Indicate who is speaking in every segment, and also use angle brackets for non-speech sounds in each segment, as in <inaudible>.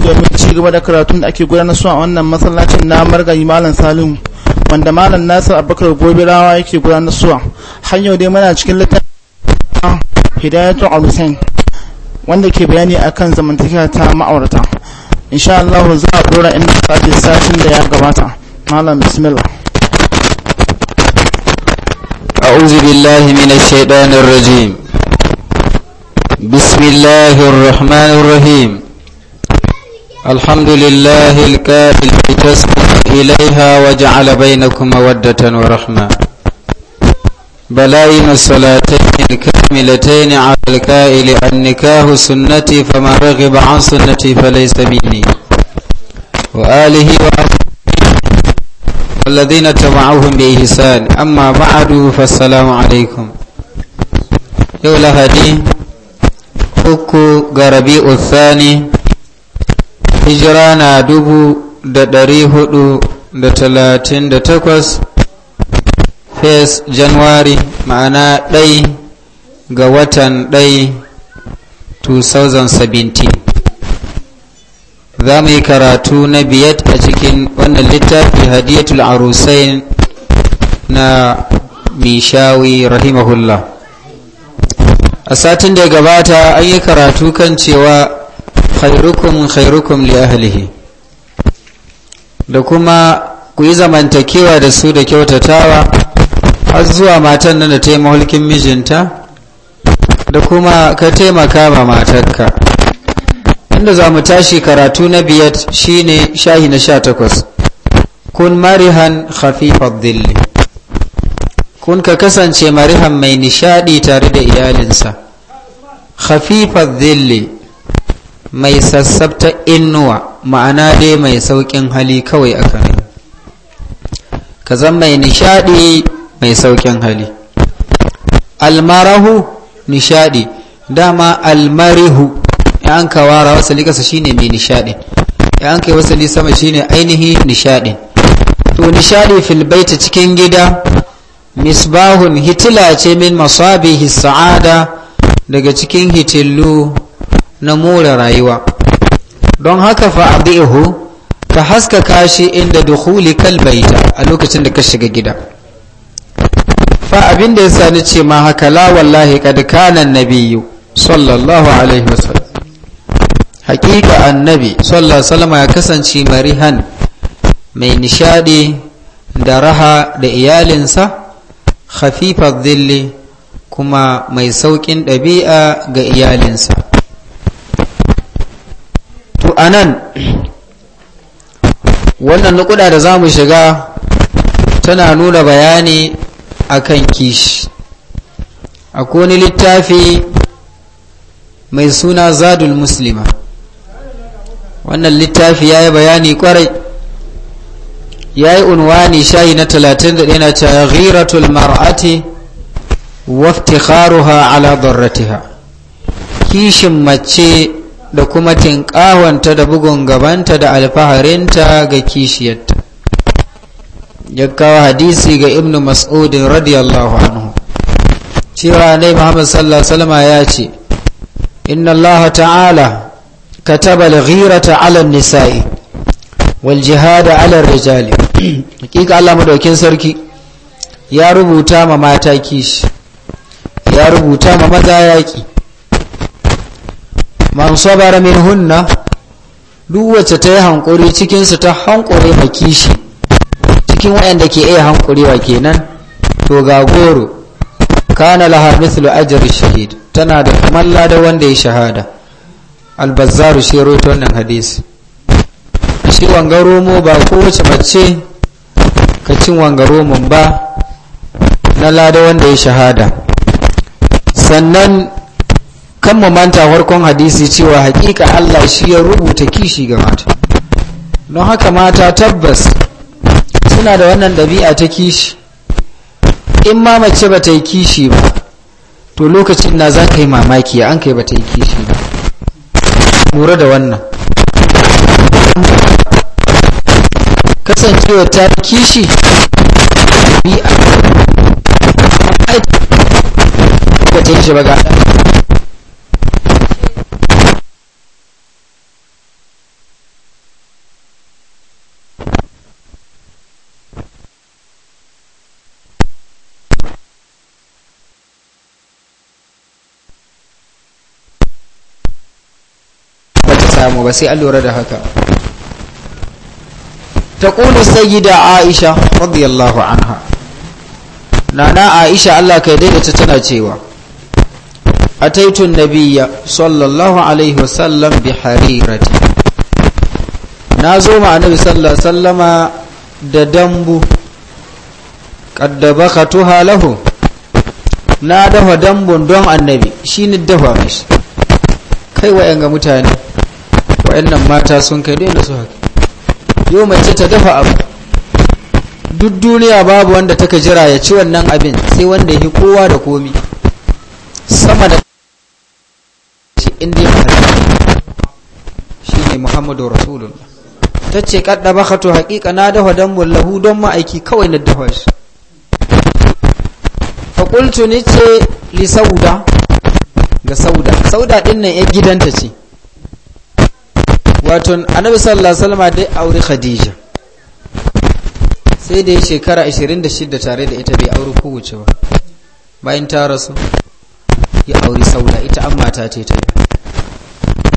Speaker 1: domin ci gaba da karatun da ake gudanar su a wannan masallacin na margayi malam salim wanda malam nasir abubakar gobe rawa yake gudanar su har yau dai muna cikin littafin hidayatu al-husain wanda ke bayani akan zamantakewa ta ma'aurata insha Allah za a dora inda sati satin da ya gabata malam bismillah أعوذ بالله من الشيطان الرجيم بسم الله الرحمن الرحيم الحمد لله الكافي لتسمع إليها وجعل بينكم مودة ورحمة بلائم الصلاتين الكاملتين على الكائل النكاه سنتي فما رغب عن سنتي فليس مني وآله والذين تبعوهم بإحسان أما بعد فالسلام عليكم يولا هدي حكو غربي الثاني hijira na dubu da ɗari hudu da talatin da takwas fes januwari ma'ana ɗai ga watan ɗai 2017 za mu yi karatu na biyar a cikin wannan littafi hadiyatul arusain na mishawi rahimahullah a satin da gabata an yi karatu kan cewa khairukum khairukum li ahlihi da kuma ku yi zamantakewa da su da kyautatawa har zuwa matan nan da ta yi mahulkin mijinta da kuma ka taimaka ma matarka inda za mu tashi karatu na biyat shine shahi na sha takwas kun marihan khafifar dilli kun ka kasance marihan mai nishadi tare da iyalinsa khafifar dilli mai sassabta innuwa ma'ana dai mai sauƙin hali kawai a kan ka zan mai nishaɗi mai sauƙin hali almarahu nishaɗi dama almarihu yan an kawara wasali ƙasa shine mai nishaɗi yan kai wasali sama shine ainihi nishaɗi to nishaɗi filbaita cikin gida misbahun hitila ce min masabihi sa'ada daga cikin hitillu na more rayuwa don haka fa'adihu ka haskaka shi inda dukhuli kalbaita a lokacin da ka shiga gida fa abin da ya sani ce ma haka la wallahi kad kana sallallahu alaihi wasallam hakika annabi sallallahu alaihi wasallam ya kasance marihan mai nishadi da raha da iyalinsa khafifar zille kuma mai saukin ɗabi'a ga iyalinsa a nan wannan nukuda da za mu shiga tana nuna bayani akan kishi a kone littafi mai suna zadul muslima wannan littafi ya yi bayani kwarai ya yi unwani shayi na 31 na cewa ghiratul mar'ati waftikharuha ala darratiha kishin mace da kuma tinƙawanta da bugun gabanta da alfaharinta ga kishiyarta ya kawo hadisi ga ibnu mas'udin radiyallahu anhu cewa ne muhammad sallallahu alaihi ya ce inna allah ta'ala kataba al-ghirata 'ala an-nisa'i wal jihada 'ala ar-rijali <clears throat> hakika Allah madaukin sarki ya rubuta ma mata kishi ya rubuta ma maza yaki man sabara min hunna duk wacce ta yi hankuri cikinsu ta hankuri a kishi cikin wayanda ke iya hankurewa kenan to ga goro kana laha mithlu ajri shahid tana da kamar lada wanda ya shahada albazzaru shi rawaito wannan hadisi shi mu ba kowace mace ka cin mun ba na lada wanda ya shahada sannan kan mu manta farkon hadisi cewa hakika Allah shi ya rubuta kishi ga mata don haka mata tabbas suna da wannan ɗabi'a ta kishi in ma mace ba ta yi kishi ba to lokacin na za ka yi mamaki an kai ba ta yi kishi ba lura da wannan kasancewa ta yi kishi ba ta yi shi ba ga samu ba sai an lura da haka ta taqulu sayyida aisha radiyallahu anha nana aisha Allah kai daidaita tana cewa ataitu nabiyya sallallahu alaihi wasallam bi harirati na zo ma annabi sallallahu sallama da dambu qaddabakatuha lahu na dafa dambun don annabi shine dafa mishi kai wa ga mutane wa'annan mata sun kai da su haka yau mace ta dafa abu duk duniya babu wanda taka jira ya ci wannan abin sai wanda ya kowa da komi sama da inda ya shi ne muhammadu rasulullah ta ce kadda baka to hakika na dafa don mullahu don ma'aiki kawai na dafa shi fakultu ni ce li sauda ga sauda sauda ɗin nan 'yan gidanta ce waton annabi sallallahu alaihi wasallam dai aure khadija sai da ya shekara 26 tare da ita bai aure wuce ba bayan ta rasu ya aure sauda ita an mata ce ta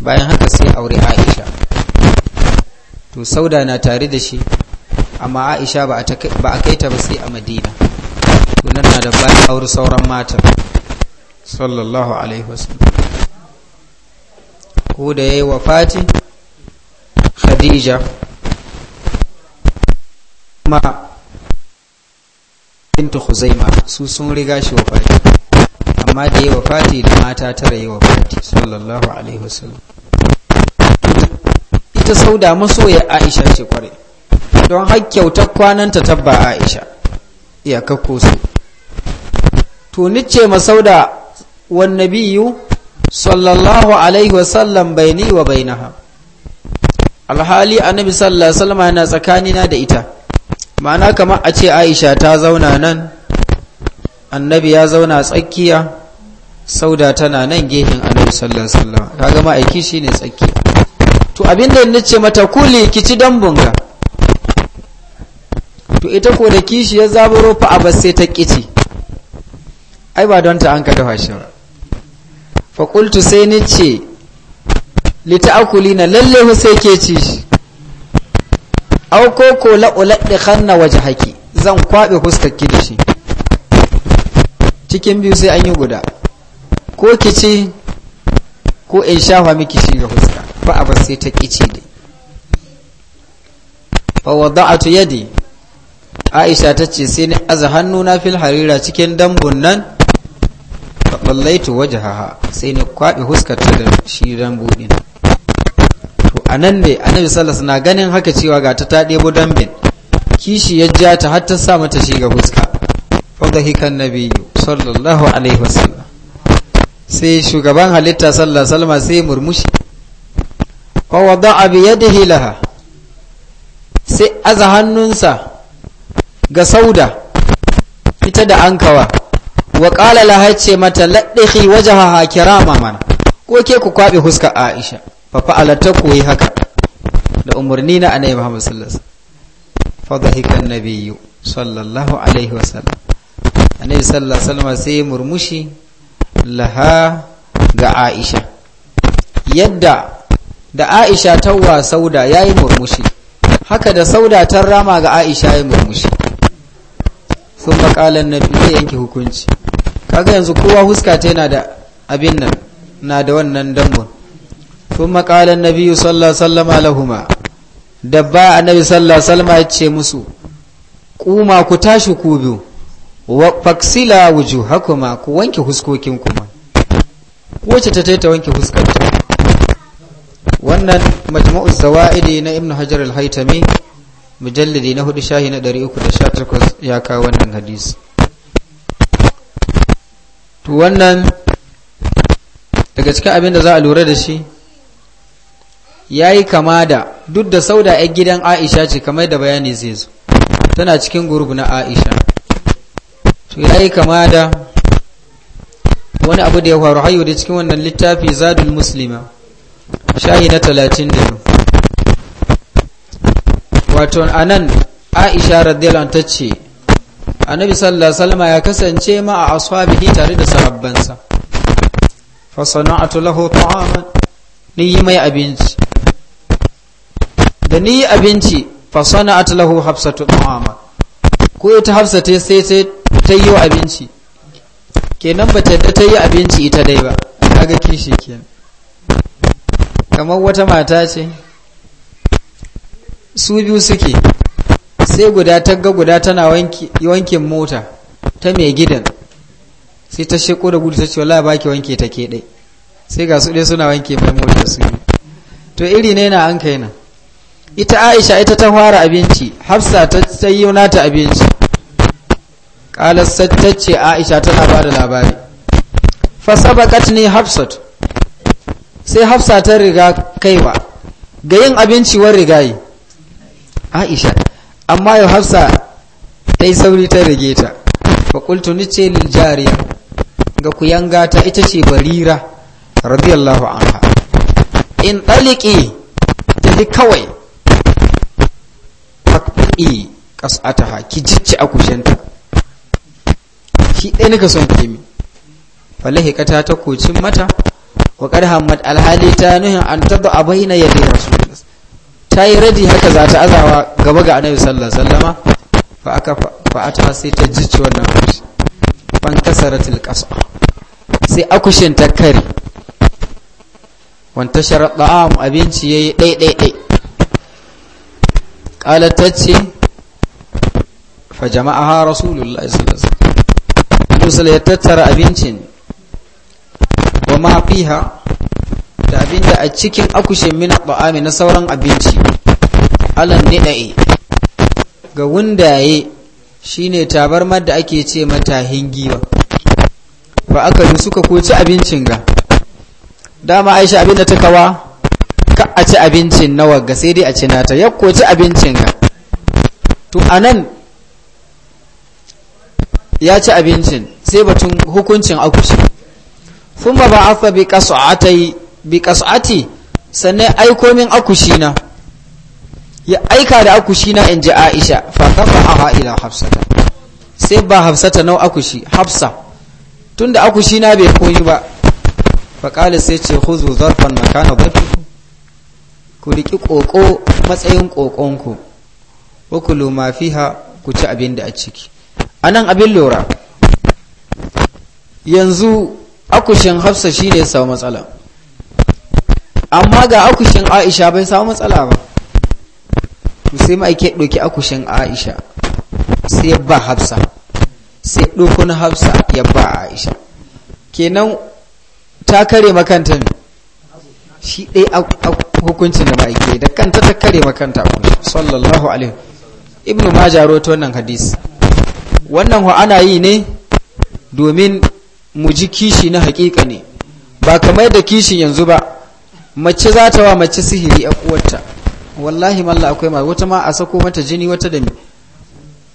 Speaker 1: bayan haka sai aure aisha to sauda na tare da shi amma aisha ba a kai ta ba sai a madina tunan na da bayan aure sauran matan sallallahu alaihi wasallam ko da ya yi wa fati khadija ma bintu khuzaima su sun riga shi wa Fati, amma da yi Fati da mata tara yi Fati. sallallahu alaihi wasallam ita sauda masoya aisha ce kware don har kyautar kwananta tabba aisha ya kakko su to nice masauda wannabiyu sallallahu alaihi wasallam ni wa bainaha alhali annabi sallallahu alaihi wasallam yana tsakanina da ita ma'ana kamar a ce aisha ta zauna nan annabi ya zauna tsakiya sauda tana nan gehen annabi sallallahu alaihi wasallam kaga ma'aiki shine tsakiya to abinda nace mata kuli kici dan bunga to ita ko da kishi ya zaburo fa a sai ta kici ai ba don ta an ka dafa ba fa qultu sai nace Lita na lalle hu sai ke ci shi aw ko ko la uladdikanna wajhaki zan kwabe huskarki da shi cikin biyu sai an yi guda ko ki ci ko in shafa miki shi ga huska fa a sai ta kici dai fa wada'atu yadi Aisha ta ce sai ni aza na fil harira cikin dambun nan fa ballaitu wajhaha sai ni kwabe huskar ta da shi dambun ina. to a nan ne annabi sallas na ganin haka cewa ga ta taɗe ɗebo dambin kishi ya ja ta har ta sa mata shi ga fuska fadahikan nabiyyu sallallahu alaihi wasallam sai shugaban halitta sallallahu alaihi wasallam sai murmushi fa wada'a bi yadihi laha sai aza hannunsa ga sauda ita da ankawa wa qala laha ce mata ladhi wajhaha kirama man ko ke ku kwabe huska aisha fa fa'ala ta koyi haka da umarni na annabi Muhammad sallallahu alaihi wasallam fa dhahika annabiyyu sallallahu alaihi wasallam annabi sallallahu alaihi wasallam sai murmushi laha ga Aisha yadda da Aisha ta wa sauda yayi murmushi haka da sauda ta rama ga Aisha yayi murmushi sun makalan na zai yanke hukunci kaga yanzu kowa huska ta yana da abin nan na da wannan dambun ثم قال النبي صلى الله عليه وسلم لهما دبا النبي صلى الله عليه وسلم yace musu kuma ku tashi ku biyu wa faksila wujuhakuma ku wanke huskokin ku wacce ta taita wanke huskarta wannan majmu'u zawaidi na Ibn hajar al-haytami mujallidi na hudu shahi na 318 ya kawo wannan hadisi to wannan daga cikin abin da za a lura da shi ya yi kama da duk da sauda ya gidan aisha ce kamar da bayani zai zo tana cikin gurbu na aisha to ya yi kama da wani abu da ya faru hayo da cikin wannan littafi zadul muslima shahi na talatin da wato a nan aisha radiyallahu ta ce annabi sallallahu Salma ya kasance ma a ashabihi tare da sahabbansa fa sana'atu lahu ta'aman ni yi mai abinci da ni abinci fa sana'at lahu hafsatu ta'ama ko ita hafsata ta sai ta yi abinci kenan ba ta yadda ta yi abinci ita dai ba kaga kishi kenan kamar wata mata ce su biyu suke sai guda ta ga guda tana wankin mota ta mai gidan sai ta sheko da gudu ta ce wala baki wanke ta dai sai ga su dai suna wanke mai mota su to iri ne na an kai nan. ita aisha ita ta fara abinci hafsa ta yi nata abinci ƙalasar ta ce aisha tana ba da labari fasabakat ne hafsat sai hafsa ta riga kaiwa ga yin abinci war rigayi aisha amma yau hafsa ta yi sauri ta rige ta fakultu ni ce jariya ga kuyanga ta ita ce barira radiyallahu anha in ɗaliƙi ta fi kawai tuki ha ki jicci ta shi ɗaya nika son ke mi falahi ka ta takocin mata wa hamad alhali ta nuhin an taba a bayyana yadda ya ta yi radi haka za ta azawa gaba ga annabi sallallahu sallama fa aka fa'ata sai ta jicci wannan kushi fan kasaratil kasa sai akushin ta kare wanta sharaɗa abinci ya yi ɗaiɗaiɗai. qalat tace fa jama'aha rasulullahi sallallahu alaihi wasallam ya tattara abincin wa ma fiha da abinda a cikin akushin min ba'ami na sauran abinci alan nida'i ga wundaye shine tabarmar da ake ce mata hingiwa ba aka yi suka koci abincin ga dama aisha abinda ta kawa ka a ci abincin nawa ga sai dai a ci nata ya ko ci abincin ka to anan ya ci abincin sai batun hukuncin akushi ba ba'atha bi qas'ati bi kasu'ati sannan aiko min akushi na ya aika da akushi na inji Aisha fa tafa'aha ila Hafsata sai ba Hafsata nau akushi Hafsa tunda akushi na bai koyi ba fa qala sai ce khuzu zarfan makana dhafikum ku riƙi ƙoƙo matsayin ƙoƙonku wa ku luma fiha ku ci abin da a ciki a nan abin lura yanzu akushin hafsa shi ne samu matsala amma ga akushin aisha bai samu matsala ba to sai ma'aike ɗauki akushin aisha sai ba hafsa sai ɗauko na hafsa ya ba aisha kenan ta kare makanta shi ɗai hukuncin da ma'aike da kanta ta kare makanta sallallahu alaihi ibnu majah rawaito wannan hadisi wannan ho ana yi ne domin mu ji kishi na hakika ne ba kamar da kishin yanzu ba mace za ta wa mace sihiri a kuwarta wallahi malla akwai ma wata ma a sako mata jini wata da ni.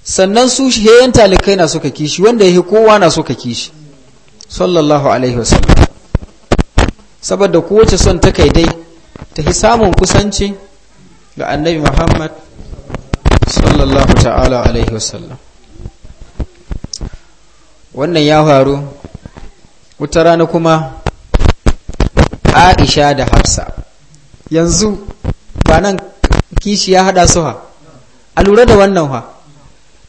Speaker 1: sannan su heyan talikai na suka kishi wanda yake kowa na suka kishi sallallahu alaihi wasallam saboda kowace son ta kai dai ta fi samun kusanci ga annabi muhammad sallallahu ta'ala alaihi wasallam wannan ya faru wata rana kuma aisha da hafsa yanzu ba nan kishi ya hada su ha a lura da wannan ha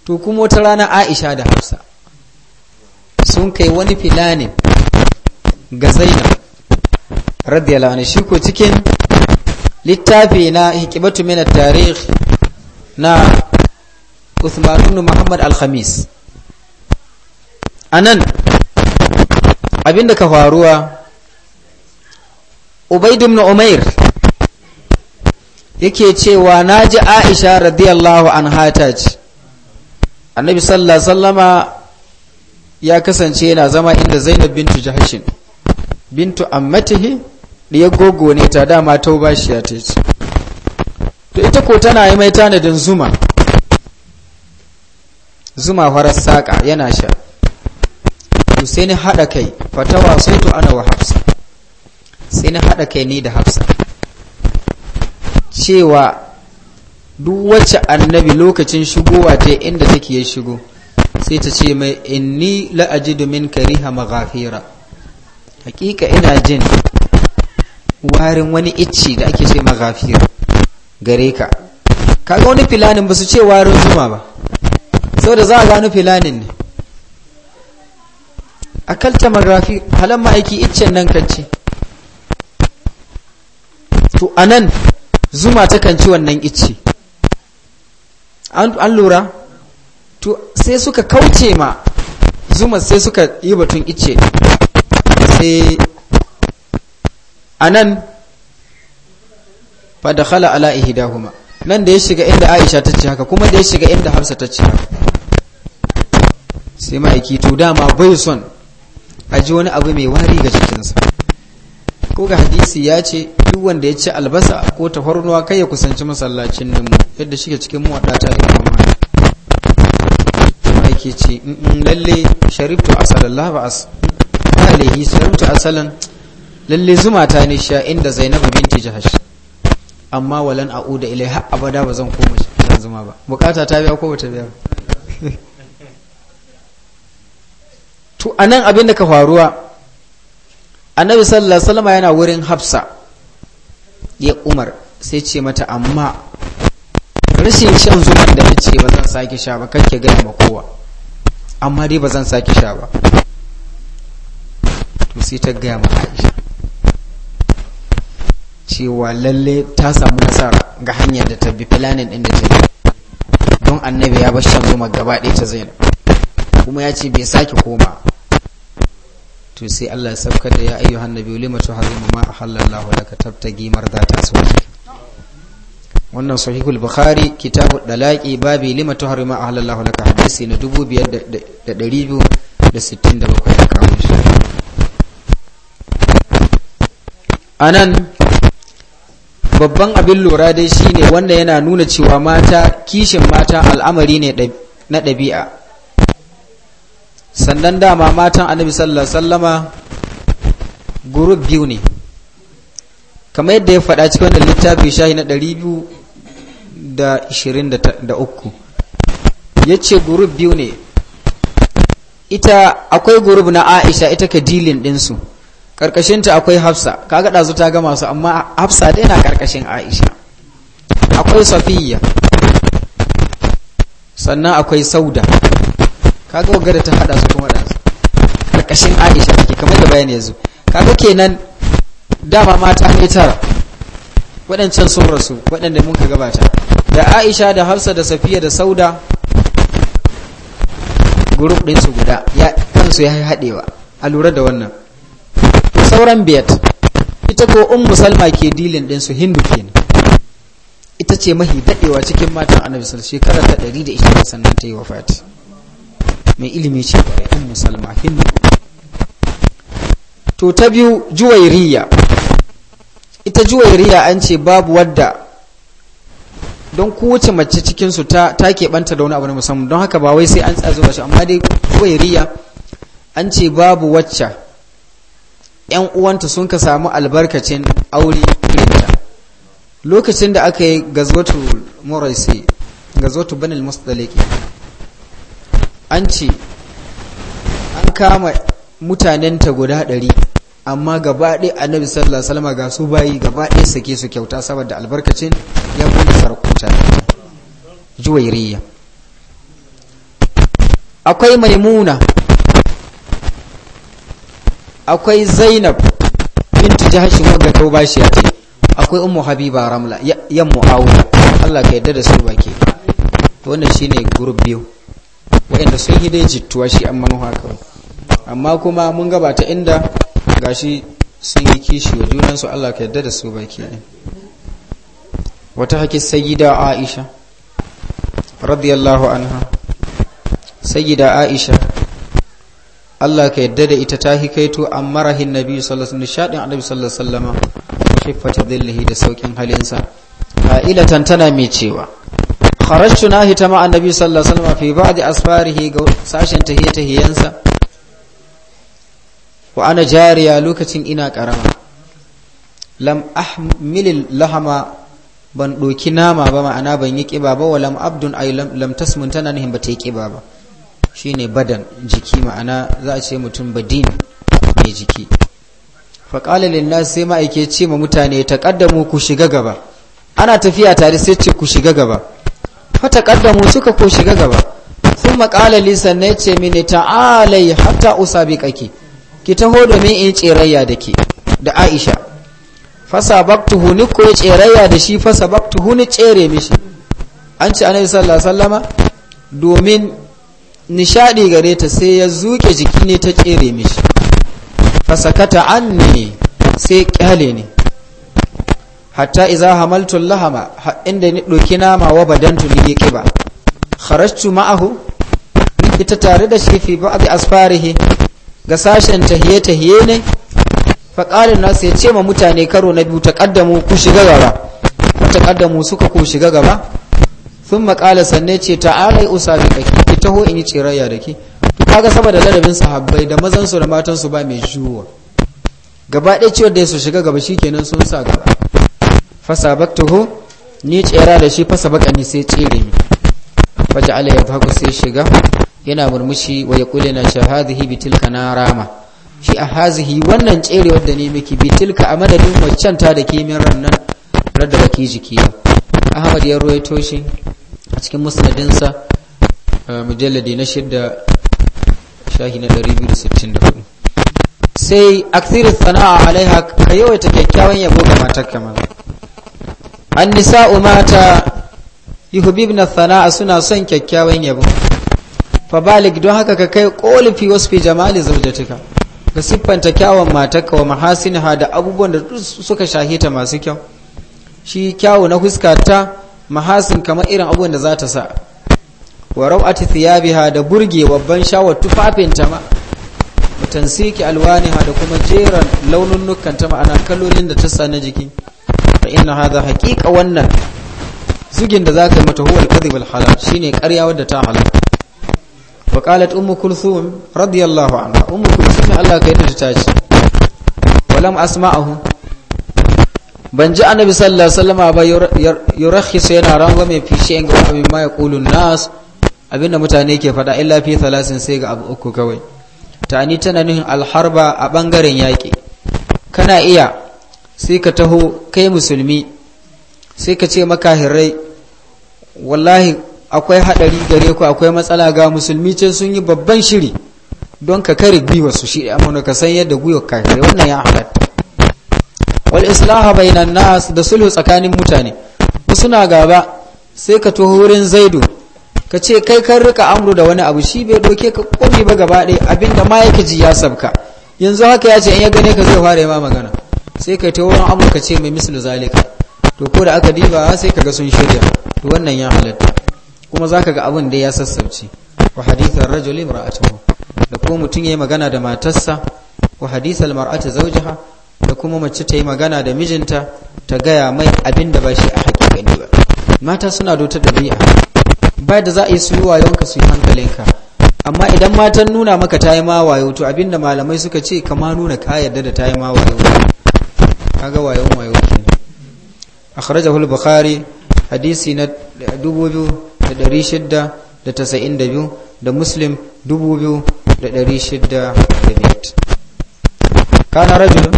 Speaker 1: to kuma wata rana aisha da hafsa sun kai wani filanin ga zainab radiyallahu anhu shi ko cikin littafi na hikimatu mina tarikh na Uthman ibn Muhammad al-Khamis anan abinda ka faruwa Ubaid ibn Umair yake cewa naji Aisha radiyallahu anha ta ce Annabi sallallahu alaihi wasallama ya kasance yana zama inda Zainab bintu Jahshin bintu ammatihi ɗiyar gogo ne ta dama ta ba shi ya ta to ita ko tana yi mai tanadin zuma zuma farar saƙa yana sha to sai ni haɗa kai fatawa sai to ana wa hafsa sai ni haɗa kai ni da hafsa cewa duk wacce annabi lokacin shigowa ta inda take ya shigo sai ta ce mai inni la'ajidu min kariha maghafira hakika ina jin warin wani icci da ake ce maghafir gare ka kaga wani filanin ba su ce warin zuma ba saboda za a gano filanin ne a kalta maghafir halan aiki iccen nan kan ci to anan zuma ta kan ci wannan icci an lura to sai suka kauce ma zuma sai suka yi batun icce sai anan fa dakhala ala ihdahuma nan da ya shiga inda Aisha ta ce haka kuma da ya shiga inda Hafsa ta ce haka sai ma'aiki to dama bai son a ji wani abu mai wari ga cikinsa. ko ga hadisi ya ce duk wanda ya ci albasa ko tafarnuwa kai ya kusanci masallacin nan mu yadda shiga cikin mu wadata da imam ma'aiki ce in lalle sharibtu asalallah ba as alaihi sharibtu asalan lalle zuma ta ne sha inda zainabu binti jahash amma walan a'uda ilai har abada ba zan koma zan zuma ba bukata ta biya ko bata biya <laughs> to anan abin da ka faruwa annabi sallallahu alaihi wasallam yana wurin hafsa ya umar sai ce mata amma rashin shan zuma da ta ce ba zan sake sha ba kake gaya ma kowa amma dai ba zan sake sha ba to sai ta gaya ma aisha cewa lalle ta samu nasara ga hanya da ta bi planning din da ta bi don annabi ya bar shan zuma gaba ɗaya ta zainab kuma ya ce bai sake koma to sai Allah ya saukar da ya ayyu hannabi lima tuharrimu ma ahallallahu laka tabtagi mardata su wannan sahihul bukhari kitabu dalaki babi lima tuharrimu ahallallahu laka hadisi na 2267 ya kawo shi anan babban abin lura dai shine wanda yana nuna cewa mata kishin mata al'amari ne na ɗabi'a sannan dama matan annabi sallallahu sallama gurub biyu ne kamar yadda ya faɗa cikin wanda littafi shahi na 223 ya ce gurub biyu ne ita akwai gurub na aisha ita ka dilin ɗinsu karkashinta akwai hafsa kaga ɗazu ta gama su amma hafsa dai na karkashin aisha akwai safiya sannan akwai sauda kaga ga da ta hada su kuma ɗazu karkashin aisha take kamar da bayani yanzu kaga kenan dama mata ne tara waɗancan sun rasu waɗanda ka gabata da aisha da hafsa da safiya da sauda gurup ɗinsu guda ya kansu ya haɗewa a lura da wannan sauran biyat ita ko un musalma ke dilin ɗinsu hindu kenan ita ce mahi daɗewa cikin matan annabi sallallahu shekara ta 120 sannan ta yi wafati mai ilimi ce kwarai un musalma hindu to ta biyu juwairiya ita juwairiya an ce babu wadda don kowace mace cikinsu ta ta keɓanta da wani abu na musamman don haka ba wai sai an tsazo ba shi amma dai juwairiya an ce babu wacce 'yan uwanta sun ka samu albarkacin aure irinta lokacin da aka yi gazotu muraisi gazotu banil musdaliki an ce an kama mutanenta guda ɗari amma gabaɗe a annabi sallallahu alaihi wasallam ga su bayi gabaɗe sake su kyauta saboda albarkacin ya bude sarakuta juwairiyya akwai maimuna akwai zainab bintu jahashin wadda ta ba shi ce akwai ummu habiba ramla yan mu'awiya Allah ka yarda da su baki to wannan shine group biyu wa'anda sun yi dai jittuwa shi an manuwa kawai amma kuma mun gabata inda gashi sun yi kishi wa junan su Allah ka yarda da su baki ne wata haƙi sayyida Aisha radiyallahu anha sayyida Aisha Allah ka yadda da ita ta to an marahin nabi sallallahu alaihi wasallam annabi sallallahu alaihi wasallam shifata dillihi da saukin halinsa fa'ilatan tana mai cewa kharajtu nahi ma annabi sallallahu alaihi wasallam fi ba'di asfarihi ga sashen ta tahiyyansa wa ana jariya lokacin ina karama lam ahmil lahama ban doki nama ba ma'ana ban yi kiba ba wa lam abdun ay lam tasmun tana nihin ba ta yi kiba ba Shi ne badan jiki ma'ana za a ce mutum badin mai jiki faƙalar lina sai ma'aike ce ma mutane ta ƙaddamu ku shiga gaba ana tafiya tare sai ce ku shiga gaba fata ƙaddamu suka ko shiga gaba sun maƙalar lisan na ce mini alai hatta usa bi ƙake ki taho domin in tserayya da ke da aisha fasa baktu ni ko tserayya da shi fasa baktu ni tsere mishi an ce annabi sallallahu sallama domin nishadi gare ta sai ya zuke jiki ne ta kere mishi fasakata anni sai kyale ne hatta iza hamaltu lahama inda ni doki nama wa badantu li kiba kharajtu ma'ahu ita tare da shi fi ba'd asfarihi ga sashen tahiye tahiye ne fa qala nas ya ce ma mutane karo na biyu taqaddamu ku shiga gaba taqaddamu suka ku shiga gaba sun makala sanne ce ta'alai usafi kake ki taho in yi cerayya da ke to kaga saboda ladabin sahabbai da mazan su da matansu ba mai juwa gaba ɗaya ciwon da su shiga gaba shikenan sun sa gaba ho. ni tsera da shi fasa baka ni sai tsere ni faja'ala yadhaku sai shiga yana murmushi wa ya na shahadhihi bitilka na rama shi a hazihi wannan tsere wadda ne miki bitilka a madadin waccan ta da kimin rannan radda baki jiki ba ahmad ya ruwaito shi a cikin musnadinsa mujalladi na shidda shahi na 264 sai akthir sana'a alaiha ka yawaita kyakkyawan yabo ga matar kamar an nisa umata. mata na sana'a suna son kyakkyawan yabo fabalik don haka ka kai kolifi wasu fi jamali zaujatuka ga siffanta kyawun matakka wa mahasinha da abubuwan da suka shahita masu kyau shi kyawu na huskata mahasin kamar irin abubuwan da za ta sa wa rawati thiyabiha da burge babban shawar tufafinta ma wa tansiki alwaniha da kuma jeran laununukan ta ma'ana kalolin da ta sa na jiki fa inna hadha haqiqa wannan zugin da za yi mata huwa al-kadhib al shine ƙarya wadda ta halal wa qalat ummu kulthum radiyallahu anha ummu kulthum Allah ka yarda ta tace. ce walam asma'ahu ban ji annabi sallallahu alaihi wasallam ba yurakhisu yana rangwame fi shay'in ga abu ma yaqulun nas abinda mutane ke fada illa fi thalasin sai ga abu uku kawai tani tana nuhin alharba a bangaren yaki kana iya sai ka taho kai musulmi sai ka ce makahirai wallahi akwai hadari gare ku akwai matsala ga musulmi ce sun yi babban shiri don ka kare biyu su shi amma ka san yadda guyo kafirai wannan ya halatta wal islaha bainan nas da sulhu tsakanin mutane wasu na gaba sai ka to wurin zaidu ka ce kai kan rika amru da wani abu shi bai doke ka komi ba gaba ɗaya abinda ma yake ji ya sabka yanzu haka ya ce in ya gane ka zai fara ma magana sai kai ta wurin amru ka ce mai mislu zalika to ko da aka diba sai ga sun shirya to wannan ya halatta kuma zaka ga abin da ya sassauci wa hadithar rajuli mar'atuhu da ko mutun yayi magana da matarsa wa hadithal mar'ati zawjaha da kuma mace ta yi magana da mijinta ta gaya mai abin da ba shi a hakikani ba mata suna da wata ɗabi'a ba da za a yi su yi wayonka su yi hankalinka amma idan matan nuna maka ta yi ma wayo to abin da malamai suka ce kama nuna ka yarda da ta yi ma wayo kaga wayon wayo kenan akhrajahu al-bukhari hadisi na 2692 da da da tasa'in biyu muslim biyu kana رجل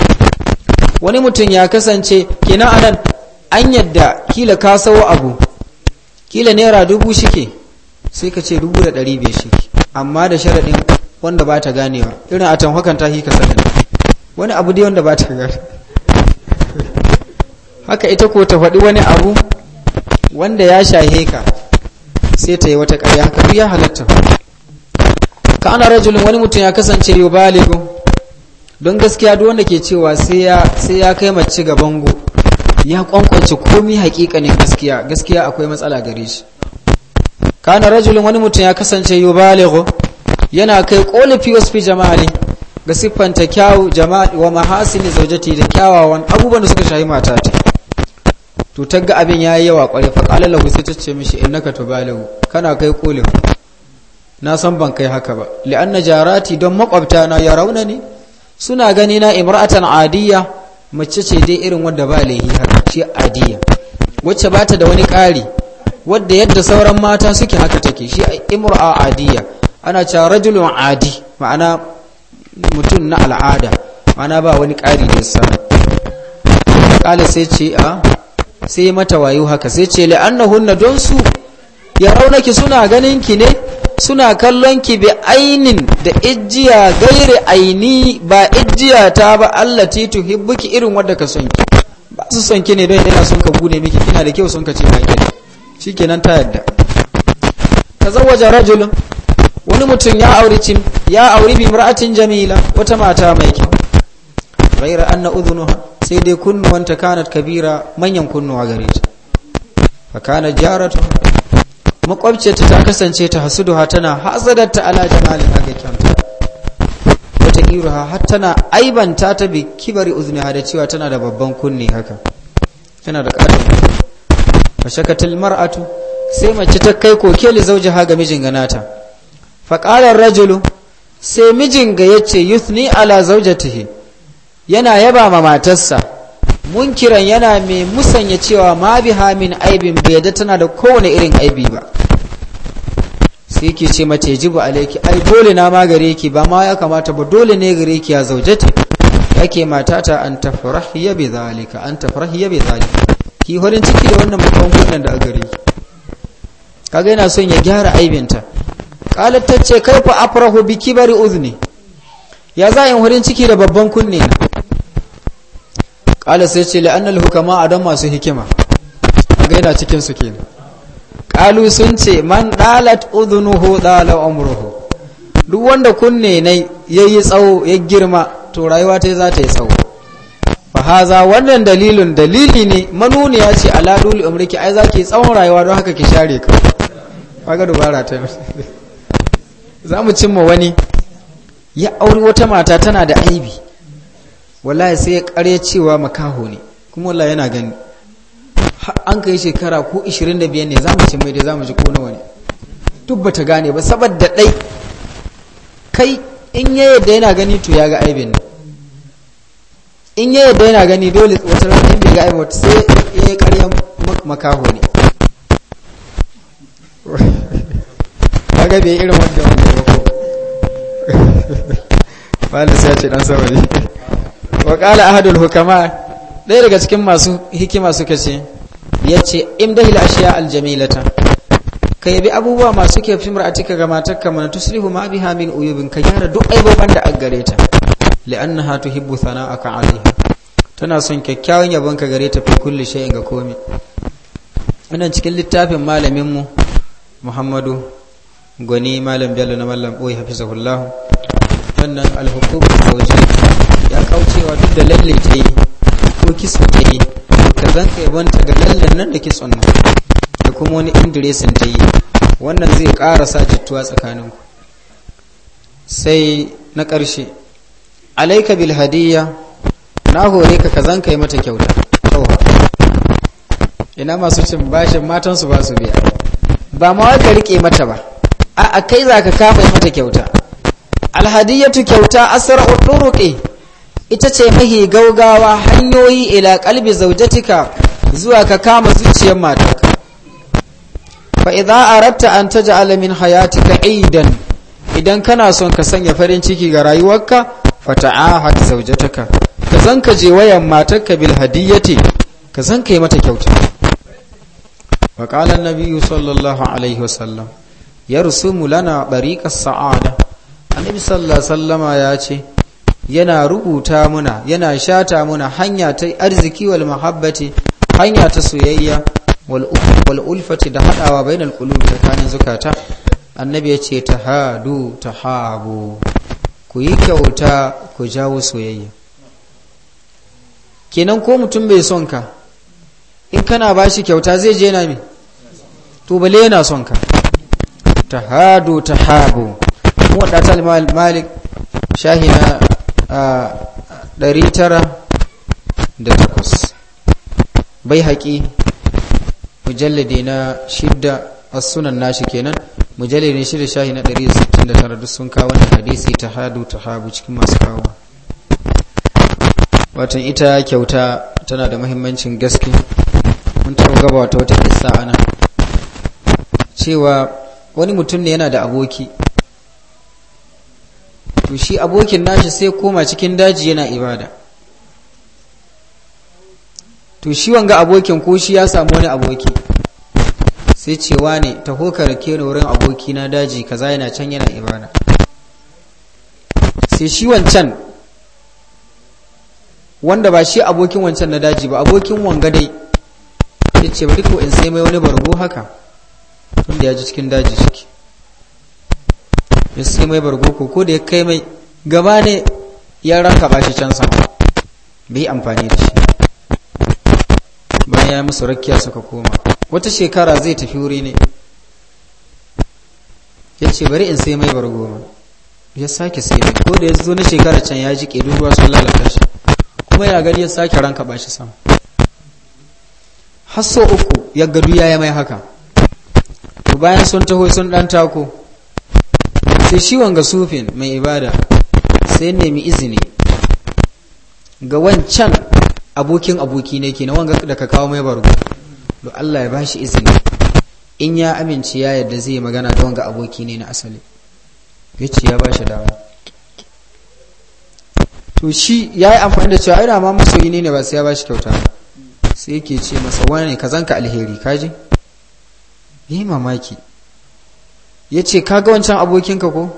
Speaker 1: wani mutum ya kasance kenan anan an yadda kila ka sawo abu kila naira dubu shike sai ka ce dubu da ɗari biyar shike amma da sharaɗin wanda ba ta ganewa irin a tamhakan ta hika sanin wani abu dai wanda ba ta gane haka ita ko ta faɗi wani abu wanda ya shahe ka sai ta yi wata ƙarya haka ya halatta ka ana rajulun wani mutum ya kasance yubaligun don gaskiya duk wanda ke cewa sai ya kai mace ga bango ya kwankwace komi hakikanin gaskiya gaskiya akwai matsala gare shi kana rajulun wani mutum ya kasance yubalighu yana kai fi jama'a jama'ali ga siffanta kyawu jama'a wa mahasini zaujati da kyawawan abubuwan da suka shahi mata ta to tagga abin yayi yawa kwarai fa qala lahu sai tace mishi innaka tubalighu kana kai qolifi na san ban kai haka ba na jarati don makwabta na rauna ne suna gani na imra'atan adiyya mace ce dai irin wadda ba laihi haka ce adiyya wacce ba ta da wani ƙari wadda yadda sauran mata suke haka take shi imra'a a'diya? ana ce rajulun adi ma'ana mutum na al'ada ma'ana ba wani ƙari da yasa kala sai ce a sai mata wayo haka sai ce la'annahunna don su ya raunaki suna ganin ki ne suna kallon ki bi ainin da ijiya gairi aini ba ijiya ta ba Allah ti hibbuki irin wadda ka son ki ba su son ki ne don yana son ka gune miki kina da kyau son ka ce ba shi shikenan ta yadda
Speaker 2: tazawwaja rajulun
Speaker 1: wani mutum ya auri cin ya auri bi mar'atin jamila wata mata mai kyau ghaira anna udhunuha sai dai kunnuwanta kanat kabira manyan kunnuwa gare ta fa kana jaratu makwabciyarta ta kasance ta hasuduha tana hasadarta ala jamalin aga kyanta wata ha har tana aibanta ta bi kibari ha da cewa tana da babban kunni haka tana da ƙarfi fashakatil mar'atu sai mace ta kai koke li ha ga mijin ganata fa qala rajulu sai mijin ga yace yuthni ala zaujatihi yana yaba ma matarsa munkiran yana mai musanya cewa ma biha min aibin bai yadda tana da kowane irin aibi ba sai ke ce mace jibu alaiki ai dole na ma gare ki ba ma ya kamata ba dole ne gare ki ya ta yake matata an tafrahiya bi zalika an tafrahiya bi zalika ki horin ciki da wannan babban kunnan da a gare ki kaga yana son ya gyara aibinta qalat tace kaifa afrahu bi kibari uzni ya za in horin ciki da babban kunne na kala sai ce la'annal hukama a don masu hikima ga yana cikin su ke kalu sun ce man dalat uzunuhu ɗala umruhu duk wanda kunne na ya yi tsawo ya girma to rayuwa ta za ta yi tsawo fahaza wannan dalilin dalili ne ya ce ala duli umriki ai za ki tsawon rayuwa don haka ki share ka kaga dubara ta za mu cimma wani ya auri wata mata tana da aibi wallahi sai ya kare cewa makaho ne kuma wallahi yana gani an kai shekara ko 25 ne zamu ci mai za zamu ji ko nawa ne duk bata gane ba saboda dai kai in ya yadda yana gani to ya ga aibin ne in ya yadda yana gani dole wata rana in bai ga aibin wata sai ya yi makaho ne <laughs> kaga bai irin wanda wanda ba ko ba <laughs> da sai ce dan saurari wa qala ahadul hukama ɗaya daga cikin masu hikima suka ce yace imdahil ashiya aljamilata ka yabi abubuwa masu ke fi mar'atika ga matarka mana tusrihu ma biha min uyubin ka gyara duk aibobin da an gare ta li'annaha tuhibbu kan 'alayha tana son kyakkyawan yabon ka gare ta fi kulli shay'in ga komai wannan cikin littafin malaminmu mu Muhammadu Gwani Malam Bello na Mallam Boye Hafizahullah wannan da huquq ta kaucewa duk da lalle ta yi ko kisa ta yi ka zan ka ta ga lallen nan da kitson nan da kuma wani indiresin ta yi wannan zai ƙara sa jittuwa tsakaninku sai na ƙarshe alaika bil hadiyya na hore ka ka zan ka yi mata kyauta ina masu cin bashin matan su ba su biya ba ma ka rike mata ba a kai za ka kafa mata kyauta alhadiyatu kyauta asra'u turuqi ita ce mahi gaugawa hanyoyi ila kalbi zaujatika zuwa ka kama zuciyar matarka fa idza aratta an taj'ala min hayatika aidan idan kana son ka sanya farin ciki ga rayuwarka fata'ahad zaujataka ka zanka je wayan matarka bil hadiyati ka zanka yi mata kyauta wa qala an sallallahu alaihi wasallam yarsumu lana bariqas sa'ada annabi sallallahu alaihi wasallama ya ce yana rubuta muna yana shata muna hanya ta arziki wal mahabbati hanya ta soyayya wal ulfati da hadawa bainal qulub tsakanin zukata annabi ya ce tahadu tahabu ku yi kyauta ku jawo soyayya kenan ko mutum bai son ka in kana bashi kyauta zai je na me to bale yana son ka tahadu tahabu mu da malik shahina 1908 bai haƙi mujallade na shidda sunan nashi kenan mujallade na shidda shahi na 169 duk sun kawo wannan hadisi ta hadu ta habu cikin masu kawo watan ita kyauta tana da mahimmancin gaske mun taɓa gaba wata wata kisa ana cewa wani mutum ne yana da aboki to shi abokin nashi sai koma cikin daji yana ibada to shi wanga abokin ko shi ya samu wani aboki sai cewa ne ta hokar ke wurin aboki na daji kaza yana can yana ibada sai shi wancan wanda ba shi abokin wancan na daji ba abokin wanga dai ya ce bari ko in sai mai wani bargo haka tunda ya ji cikin daji shike ya sai mai bargo ko ko da ya kai mai gaba ne ya raka ba shi can sama bai amfani da shi bayan ya musu rakiya suka koma wata shekara zai tafi wuri ne ya ce bari in sai mai bargo ya sake sai mai ko da ya zo na shekara can ya ji ruwa sun lalata shi kuma ya gari ya sake ranka ba shi sama hasso uku ya gadu ya yi mai haka bayan sun taho sun ɗan tako sai shi wanga sufin mai ibada sai nemi izini ga wancan abokin aboki ne kenan wanga da ka kawo mai bargo to Allah ya bashi izini in ya amince ya yadda zai magana da wanga aboki ne na asali yace ya bashi dama to shi ya yi amfani da cewa ina ma masoyi ne ba sai ya bashi kyauta sai yake ce masa wani ka zanka alheri kaji ni mamaki ya ce kaga wancan abokinka ko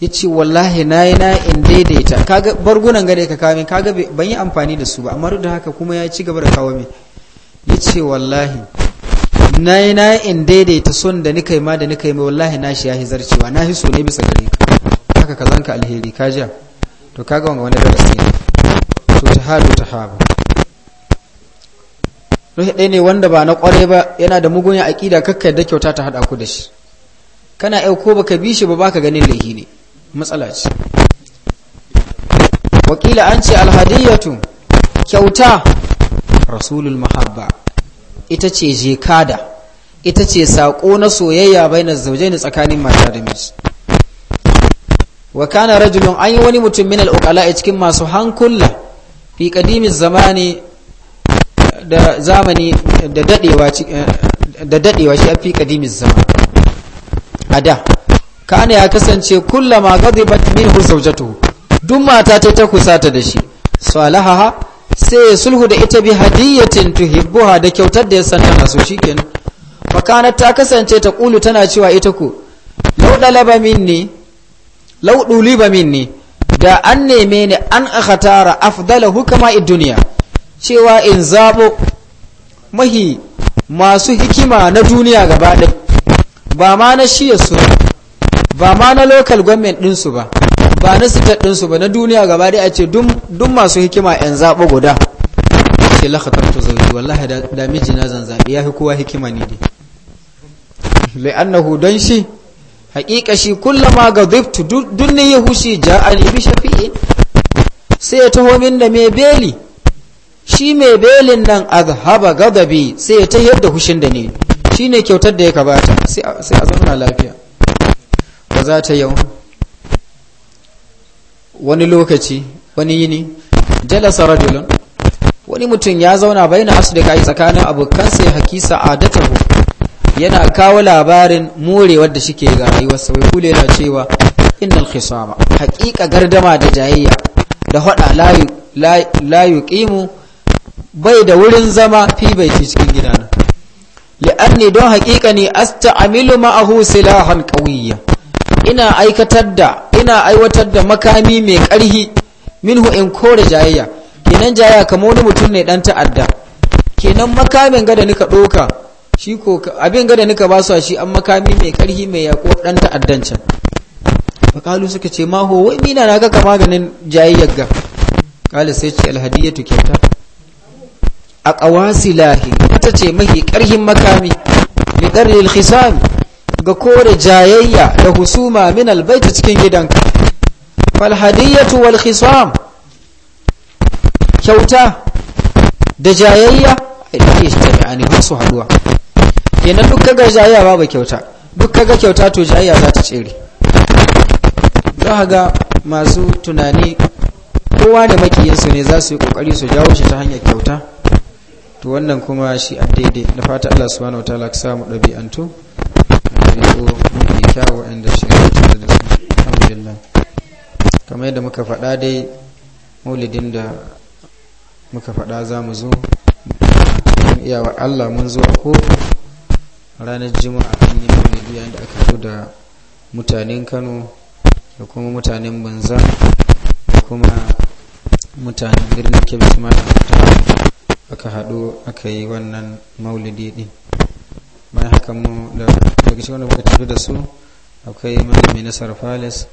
Speaker 1: ya ce wallahi na yi na in daidaita kaga bargunan gare ka kawo min kaga ban yi amfani da su ba amma da haka kuma ya ci gaba da kawo min ya ce wallahi na yi na in daidaita son da nika yi ma da nika yi mai wallahi na shi ya hi zarcewa na hi so ne bisa gare ka haka ka zanka alheri ka ja to kaga wanga wani darasi ne so ta hadu ta habu ruhi ɗaya ne wanda ba na ƙware ba yana da mugun aƙida kakka yadda kyauta ta haɗa ku da shi kana yau ko baka bi shi ba baka ganin laifi ne matsala ce wakila an ce alhadiyatu kyauta rasulul mahabba ita ce jekada ita ce saƙo na soyayya bai na ne tsakanin mata da miji wa kana rajulun an wani mutum min al'ukala a cikin masu hankula fi ƙadimin zamani da zamani da daɗewa eh, shi a fi ƙadimin zamani ada kana ya kasance kullama ghadibat minhu zawjatuhu duk mata ta ta kusata da shi salahaha sai ya sulhu da ita bi hadiyatin tuhibbuha da kyautar da ya san tana so shikenan fakana ta kasance ta kulu tana cewa ita ku. law dalaba minni da an neme ni an akhatara afdala hukama duniya cewa in zaɓo. mahi masu hikima na duniya gaba ɗaya ba ma na shiya su ba ma na local government ɗinsu ba ba na sitar ɗinsu ba na duniya gaba dai a ce dun masu hikima yan zaɓa guda ce lakatar ta zauji wallahi da miji na zanzaɓi ya fi kowa hikima ne dai la'annahu don shi haƙiƙa shi kullama ga ziftu dunni ya hushi a bi shafi'in sai ya taho min da mai beli shi mai belin nan azhaba gadabi sai ya tahiyar da hushin da ne Shi ne kyautar da ya kabata sai a zauna lafiya ba za ta yau wani lokaci wani yini jalasa rajulun wani mutum ya zauna bai na asu da kayi tsakanin abokansa ya hakisa adatahu yana kawo labarin morewar da shike ga rayuwarsa wai kule na cewa innal khisama haƙiƙa gardama da jayayya da hada layu layu bai da wurin zama fi bai cikin gidana li'anni don haƙiƙa ne asta'amilu ma'ahu silahan qawiyya ina aikatar da ina aiwatar da makami mai ƙarhi minhu in kore jayayya kenan jayayya kamar wani mutum ne dan ta'adda kenan makamin gada nika ɗoka shi ko abin gada nika ba su shi an makami mai ƙarhi mai yaƙo dan ta'addancin fakalu suka ce ma ho wai mina na ga maganin jayayyar ga kala sai ce alhadiyatu kyauta a lahi ta ce mahi ƙarhin makami ɗarri khisami ga kore jayayya da husuma min albaita cikin gidanka falhadiyyatu wal khisam kyauta da jayayya a ɗaya shi tabi'ani har su haduwa kenan duk kaga jayayya babu kyauta duk kaga kyauta to jayayya za ta cere za ga masu tunani kowa da makiyinsu ne za su yi ƙoƙari su jawo shi ta hanyar kyauta to wannan kuma shi a daidai da fata Allah subhanahu wa ta'ala laksa mu ɗabi'antu ɗabi'u mafi kyawu inda shi da su alhamdulillah kamar yadda muka faɗa dai maulidin da muka faɗa za mu zo iyawa Allah mun zo ko ranar juma'a an yi maulidi yayin da aka zo da mutanen Kano da kuma mutanen Banza da kuma mutanen birnin Kebbi Malam aka haɗu aka yi wannan maulidi ɗin bayan haka mu daga cikin wanda muka tafi da su akwai malami na sarfales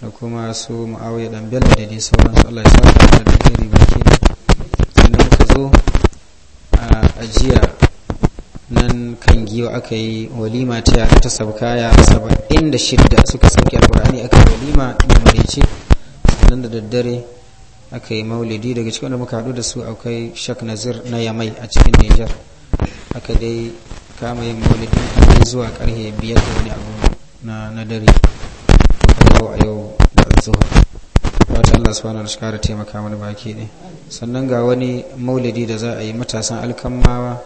Speaker 1: da kuma su ma'awiyar dan bello da dai sauransu allah ya sa da alheri baki sannan muka zo a ajiya nan kan giwa aka yi walima ta yara ta sabkaya saba'in da shidda suka sauke alkur'ani aka yi walima da marice sannan da daddare aka yi maulidi daga cikin da muka hadu da su akwai shak nazir na yamai a cikin niger aka dai kama yin a har zuwa karhe biyar da wani abu na dare muka yau a yau da zuwa wata allah wani wa da taimaka mana baki ne sannan ga wani maulidi da za a yi matasan alkammawa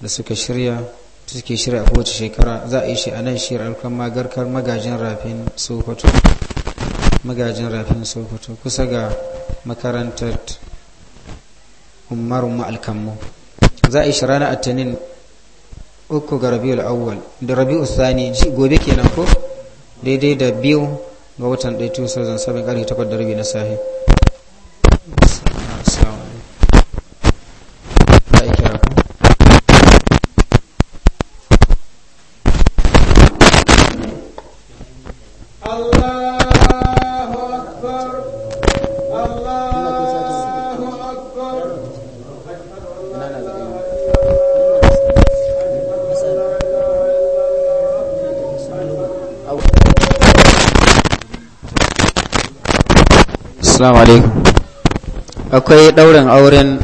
Speaker 1: da suka shirya suke shirya a kowace shekara za a yi shi a nan shi alkamma garkar magajin rafin sokoto magajin rafin sokoto kusa ga makarantar umaru ma'alkammu za a yi shi ranar atanin uku ga rabiul awwal da rabiul sani gobe kenan ko daidai da biyu ga watan 2007 karfe 8 da rabi na sahi assalamu alaikum akwai ɗaurin auren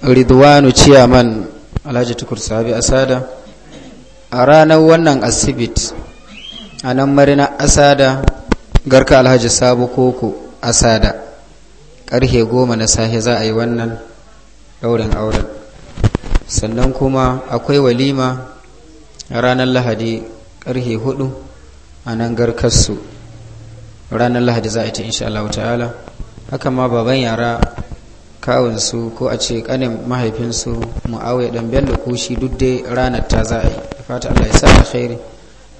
Speaker 1: ridwanu ciyaman alhaji tukur sabi asada a ranar wannan asibit a nan marina asada garka alhaji sabu koko asada karhe goma na sahe za a yi wannan ɗaurin auren sannan kuma akwai walima a ranar lahadi karhe hudu a nan garkarsu ranar lahadi za a ta insha Allah ta'ala haka ma baban yara su ko a ce kanin mahaifinsu mu'awai dan bello ko shi duk dai ranar ta za a yi fata Allah ya sa alkhairi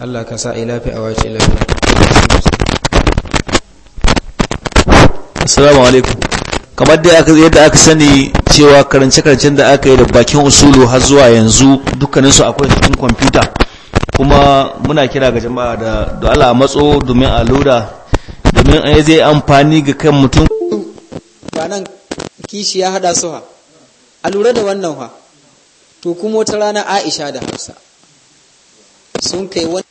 Speaker 1: Allah ka sa ilafi a wace lafiya assalamu alaikum kamar da aka yadda aka sani cewa karance karancen da aka yi da bakin usulu har zuwa yanzu dukkanin su akwai cikin kwamfuta kuma muna kira ga jama'a da Allah matso domin a lura domin ai zai amfani ga kan mutum ba nan kishi ya hada su ha a lura da wannan ha to kuma wata rana Aisha da Hafsa sun kai wani